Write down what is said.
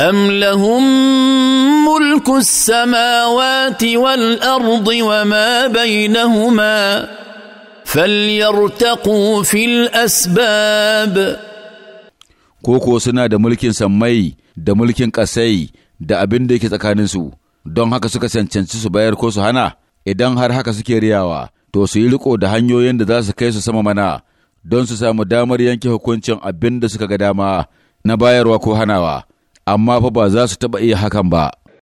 أم لهم ملك السماوات والأرض وما بينهما فليرتقوا في الأسباب koko suna da mulkin sammai da mulkin ƙasai da abin da yake tsakaninsu don haka suka cancanci su bayar ko su hana idan har haka suke riyawa to su yi riko da hanyoyin da za su kai su sama mana don su samu damar yanke hukuncin abinda suka ga dama na bayarwa ko hanawa amma fa ba za su taɓa iya hakan ba.